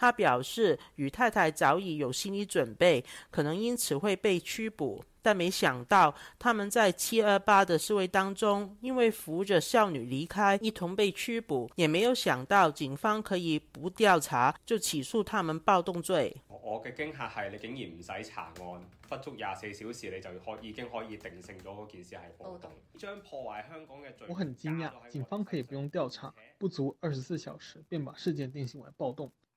他表示，與太太早已有心理準備，可能因此會被拘捕，但沒想到他們在七二八的示威當中，因為扶着少女離開，一同被拘捕，也沒有想到警方可以不調查就起訴他們暴動罪。我嘅驚嚇係，你竟然唔使查案，不足廿四小時，你就可已經可以定性咗嗰件事係暴動，將、okay. 破壞香港嘅罪行。我很驚訝，警方可以不用調查，不足二十四小時便把事件定性為暴動。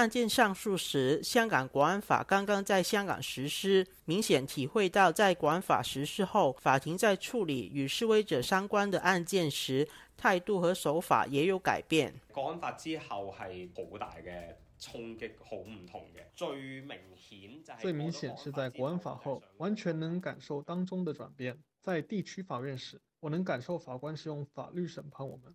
案件上訴時，香港國安法剛剛在香港實施，明顯體會到在國安法實施後，法庭在處理與示威者相關的案件時，態度和手法也有改變。國安法之後係好大嘅衝擊，好唔同嘅。最明顯就係最明顯是在國安法後，完全能感受當中的轉變。在地區法院時，我能感受法官使用法律審判我們。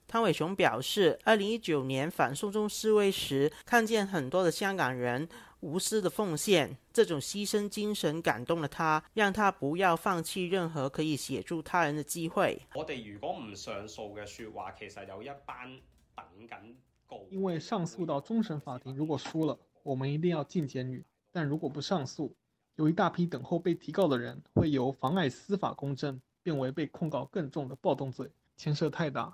湯偉雄表示，二零一九年反送中示威時，看見很多的香港人無私的奉獻，這種犧牲精神感動了他，讓他不要放棄任何可以協助他人的機會。我哋如果唔上訴嘅說話，其實有一班等緊告。因為上訴到終審法庭，如果輸了，我們一定要進監獄；但如果不上訴，有一大批等候被提告的人，會由妨礙司法公正，變為被控告更重的暴動罪，牽涉太大。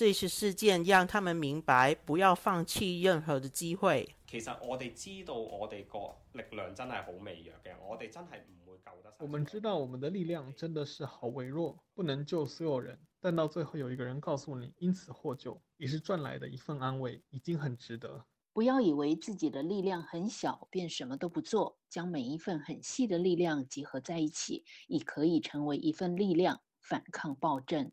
這次事件讓他們明白，不要放棄任何的機會。其實我哋知道，我哋個力量真係好微弱嘅，我哋真係唔會救得。我們知道我們的力量真的是好微弱，不能救所有人。但到最後有一個人告訴你，因此獲救，亦是賺來的一份安慰，已經很值得。不要以為自己的力量很小，便什麼都不做。將每一份很細的力量集合在一起，亦可以成為一份力量，反抗暴政。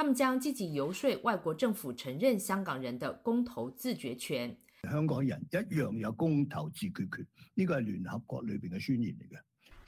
他們將積極遊說外國政府承認香港人的公投自決權。香港人一樣有公投自決權，呢個係聯合國裏邊嘅宣言嚟嘅。